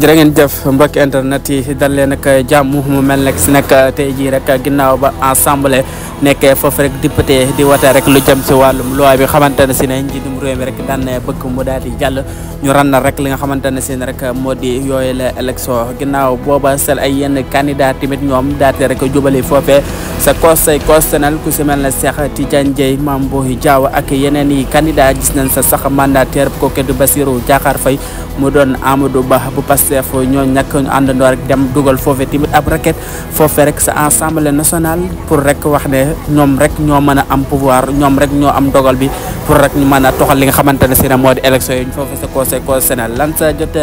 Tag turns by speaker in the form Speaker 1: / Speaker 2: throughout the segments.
Speaker 1: jërë ngeen jëf mbokk internet yi dal leen ak jàmm mu mel nag si nag tey jii rek ginnaaw ba assemblée nekkee foofu rek député di wote rek lu jëm si wàllum loi bi xamante ne si ne njiitum réew mi rek daan na bëgg mu daal di jàll ñu rànnal rek li nga xamante ne si ne rek moo di yooyu la élection ginnaaw booba sel ay yenn candidat tamit ñoom daal di rek jubali foofee sa conseil constitutionnel ku si mel ne Cheikh Tidiane Dieye Mame Boye Diao ak yeneen yi candidat gis nañ sa sax mandataire bu ko keddu Bassirou Diakhar Faye mu doon Amadou Ba bu Pastef Pastef ñooñu nag ñu àndandoo rek dem dugal foofee tamit ab raquette foofee rek sa assemblée nationale pour rek wax ñoom rek ñoo mën am pouvoir ñoom rek ñoo am dogal bi pour rek ñu a toxal li nga xamante ne si ne moo di élection yi foofu sa conseil constitutionnel lan sa jot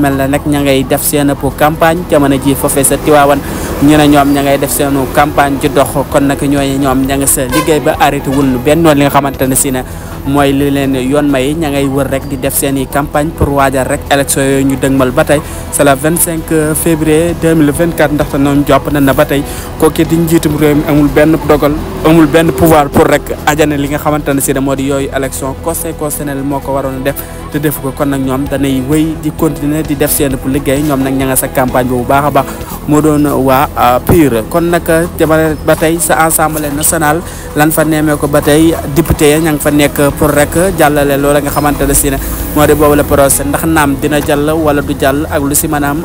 Speaker 1: mel na nag ña ngay def seen pour campagne jamono ji foofee sa Tiwaawan ñu ne ñoom ña ngay def seenu campagne ci dox kon nag ñooñee ñoom ña nga sa liggéey ba arrêté wul benn yoon li nga xamante ne mooy li leen yoon may ña ngay wër rek di def seeni i campagne pour waajal rek élection yooyu ñu dëgmal ba tey c'est le 25 février 2024 ndaxte noonu jàpp nañ na ba tey kooku di njiitum réew mi amul benn dogal amul benn pouvoir pour rek ajane li nga xamante ne si moo di yooyu élection conseil constitutionnel moo ko waroon def. te def ko kon nag ñoom danay wéy di continuer di def seen pour liggéey ñoom nag ña nga sa campagne bu baax a baax moo doon waa euh, pire kon nag jamono euh, ba sa assemblée nationale lan fa neemee ko ba député ya ña fa nekk pour rek jàllale loola nga xamante ne ne procès ndax dina jàll wala du jàll ak lu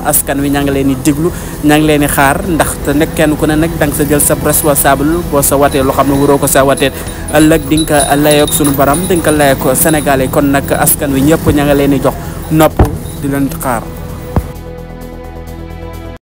Speaker 1: askan wi ña leen diglu ña ngi leen di xaar ndax te nag kenn ku ne nag da nga sa jël sa responsable boo sa watee ko sa baram dinka nga ko layoog sénégalais kon askan wi yëpp ña nga leen di jox nopp di leen xaar.